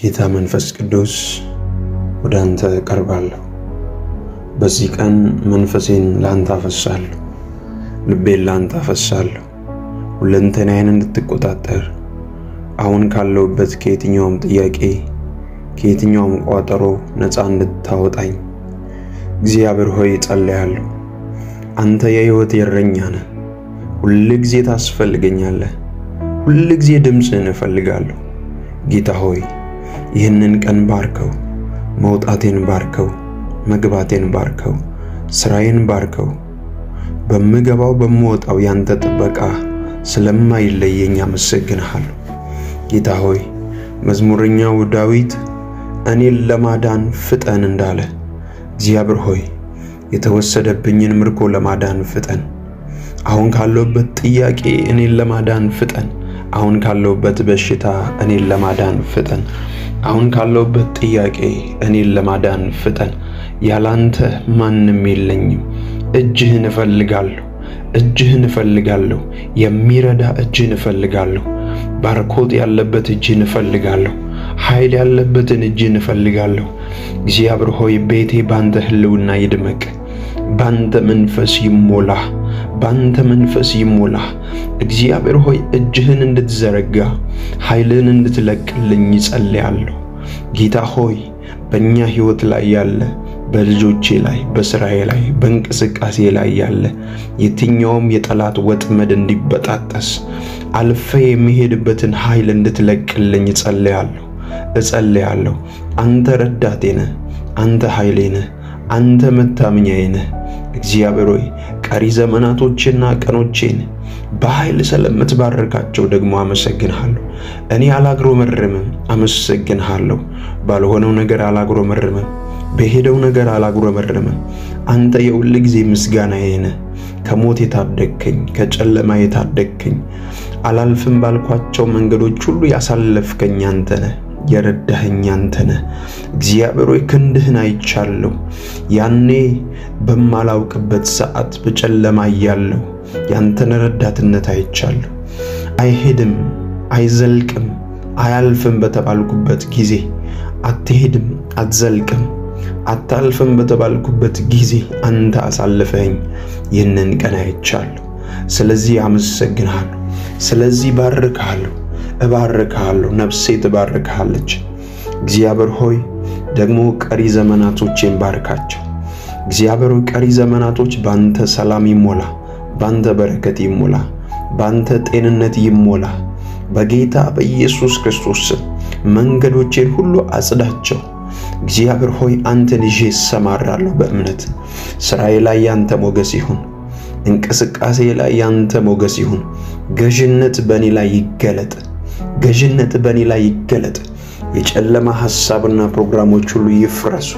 ጌታ መንፈስ ቅዱስ ወደ አንተ እቀርባለሁ። በዚህ ቀን መንፈሴን ለአንተ አፈሳለሁ፣ ልቤን ለአንተ አፈሳለሁ። ሁለንተናዬን እንድትቆጣጠር አሁን ካለውበት ከየትኛውም ጥያቄ ከየትኛውም ቋጠሮ ነፃ እንድታወጣኝ እግዚአብሔር ሆይ ጸልያለሁ። አንተ የሕይወት የረኛ ነህ። ሁል ጊዜ ታስፈልገኛለህ። ሁል ጊዜ ድምፅህን እፈልጋለሁ። ጌታ ሆይ ይህንን ቀን ባርከው፣ መውጣቴን ባርከው፣ መግባቴን ባርከው፣ ስራዬን ባርከው። በምገባው በምወጣው ያንተ ጥበቃ ስለማይለየኝ አመሰግንሃለሁ። ጌታ ሆይ መዝሙረኛው ዳዊት እኔን ለማዳን ፍጠን እንዳለ እግዚአብሔር ሆይ የተወሰደብኝን ምርኮ ለማዳን ፍጠን። አሁን ካለውበት ጥያቄ እኔን ለማዳን ፍጠን። አሁን ካለውበት በሽታ እኔን ለማዳን ፍጠን። አሁን ካለውበት ጥያቄ እኔን ለማዳን ፍጠን። ያላንተ ማንም የለኝም። እጅህን እፈልጋለሁ፣ እጅህን እፈልጋለሁ፣ የሚረዳ እጅህን እፈልጋለሁ፣ ባርኮት ያለበት እጅህን እፈልጋለሁ፣ ኃይል ያለበትን እጅህን እፈልጋለሁ። እግዚአብሔር ሆይ ቤቴ ባንተ ህልውና ይድመቅ፣ ባንተ መንፈስ ይሞላ። ባንተ መንፈስ ይሞላ። እግዚአብሔር ሆይ እጅህን እንድትዘረጋ ኃይልን እንድትለቅልኝ ይጸልያለሁ። ጌታ ሆይ በእኛ ሕይወት ላይ ያለ በልጆቼ ላይ በስራዬ ላይ በእንቅስቃሴ ላይ ያለ የትኛውም የጠላት ወጥመድ እንዲበጣጠስ አልፌ የሚሄድበትን ኃይል እንድትለቅልኝ እጸልያለሁ እጸልያለሁ። አንተ ረዳቴ ነህ፣ አንተ ኃይሌ ነህ፣ አንተ መታመኛዬ ነህ። እግዚአብሔር ሆይ ቀሪ ዘመናቶችና ቀኖቼን በኃይል ስለምትባርካቸው ደግሞ አመሰግንሃለሁ። እኔ አላግሮ መርም አመሰግንሃለሁ። ባልሆነው ነገር አላግሮ መርም፣ በሄደው ነገር አላግሮ መርም። አንተ የሁል ጊዜ ምስጋና ነህ። ከሞት የታደግከኝ፣ ከጨለማ የታደግከኝ፣ አላልፍም ባልኳቸው መንገዶች ሁሉ ያሳለፍከኝ አንተ ነህ። የረዳኸኝ አንተ ነህ። እግዚአብሔር ሆይ ክንድህን አይቻለሁ። ያኔ በማላውቅበት ሰዓት በጨለማ እያለሁ ያንተን ረዳትነት አይቻለሁ። አይሄድም፣ አይዘልቅም፣ አያልፍም በተባልኩበት ጊዜ አትሄድም፣ አትዘልቅም፣ አታልፍም በተባልኩበት ጊዜ አንተ አሳልፈኝ። ይህንን ቀን አይቻለሁ። ስለዚህ አመሰግንሃለሁ። ስለዚህ ባርክሃለሁ። እባርካለሁ፣ ነፍሴ ትባርካለች። እግዚአብሔር ሆይ ደግሞ ቀሪ ዘመናቶቼን ባርካቸው። እግዚአብሔር ሆይ ቀሪ ዘመናቶች ባንተ ሰላም ይሞላ፣ ባንተ በረከት ይሞላ፣ ባንተ ጤንነት ይሞላ። በጌታ በኢየሱስ ክርስቶስ መንገዶቼን ሁሉ አጽዳቸው። እግዚአብሔር ሆይ አንተን ይዤ እሰማራለሁ በእምነት ሥራዬ ላይ ያንተ ሞገስ ይሁን። እንቅስቃሴ ላይ ያንተ ሞገስ ይሁን። ገዥነት በእኔ ላይ ይገለጥ። ገዥነት በእኔ ላይ ይገለጥ። የጨለማ ሐሳብና ፕሮግራሞች ሁሉ ይፍረሱ።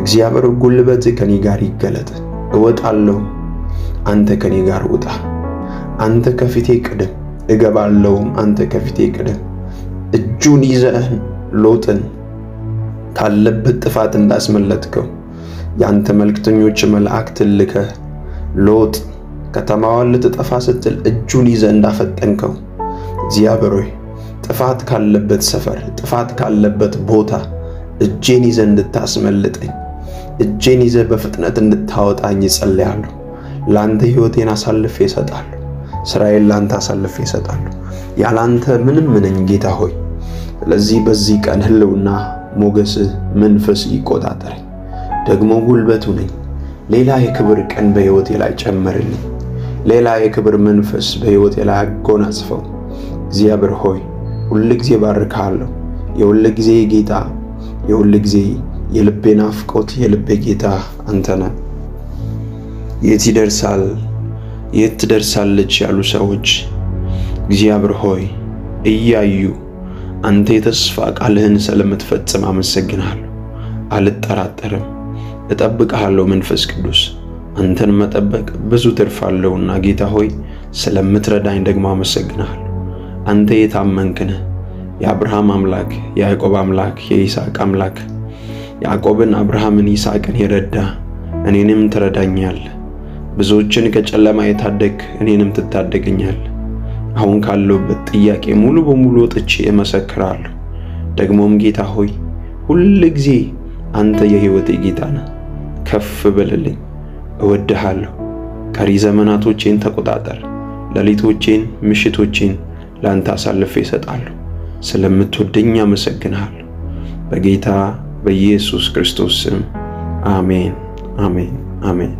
እግዚአብሔር ጉልበት ከኔ ጋር ይገለጥ። እወጣለሁ፣ አንተ ከኔ ጋር ውጣ። አንተ ከፊቴ ቅደም፣ እገባለሁም፣ አንተ ከፊቴ ቅደም። እጁን ይዘህ ሎጥን ካለበት ጥፋት እንዳስመለጥከው የአንተ መልክተኞች መላእክት ልከህ ሎጥ ከተማዋን ልትጠፋ ስትል እጁን ይዘህ እንዳፈጠንከው እግዚአብሔር ሆይ ጥፋት ካለበት ሰፈር፣ ጥፋት ካለበት ቦታ እጄን ይዘ እንድታስመልጠኝ፣ እጄን ይዘ በፍጥነት እንድታወጣኝ ይጸልያለሁ። ለአንተ ሕይወቴን አሳልፌ ይሰጣሉ ስራዬን ለአንተ አሳልፌ እሰጣለሁ። ያላንተ ምንም ምንኝ ጌታ ሆይ። ስለዚህ በዚህ ቀን ህልውና፣ ሞገስ፣ መንፈስ ይቆጣጠረኝ። ደግሞ ጉልበቱ ነኝ። ሌላ የክብር ቀን በሕይወቴ ላይ ጨመርልኝ። ሌላ የክብር መንፈስ በሕይወቴ ላይ አጎናጽፈው። እግዚአብሔር ሆይ ሁል ጊዜ ባርካለሁ። የሁል ጊዜ ጌታ፣ የሁል ጊዜ የልቤ ናፍቆት፣ የልቤ ጌታ አንተ ነህ። የት ይደርሳል የት ትደርሳለች ያሉ ሰዎች እግዚአብሔር ሆይ እያዩ አንተ የተስፋ ቃልህን ስለምትፈጽም አመሰግናለሁ። አልጠራጠርም፣ እጠብቅሃለሁ። መንፈስ ቅዱስ አንተን መጠበቅ ብዙ ትርፍ አለውና ጌታ ሆይ ስለምትረዳኝ ደግሞ አመሰግናለሁ። አንተ የታመንክ ነህ፣ የአብርሃም አምላክ የያዕቆብ አምላክ የይስሐቅ አምላክ ያዕቆብን አብርሃምን ይስሐቅን የረዳ እኔንም ትረዳኛል። ብዙዎችን ከጨለማ የታደግ እኔንም ትታደገኛል። አሁን ካለሁበት ጥያቄ ሙሉ በሙሉ ወጥቼ እመሰክራለሁ። ደግሞም ጌታ ሆይ ሁል ጊዜ አንተ የሕይወቴ ጌታ ነህ። ከፍ በልልኝ፣ እወድሃለሁ። ቀሪ ዘመናቶቼን ተቆጣጠር። ሌሊቶቼን፣ ምሽቶቼን ለአንተ አሳልፌ እሰጣለሁ። ስለምትወደኝ አመሰግንሃለሁ። በጌታ በኢየሱስ ክርስቶስ ስም አሜን፣ አሜን፣ አሜን።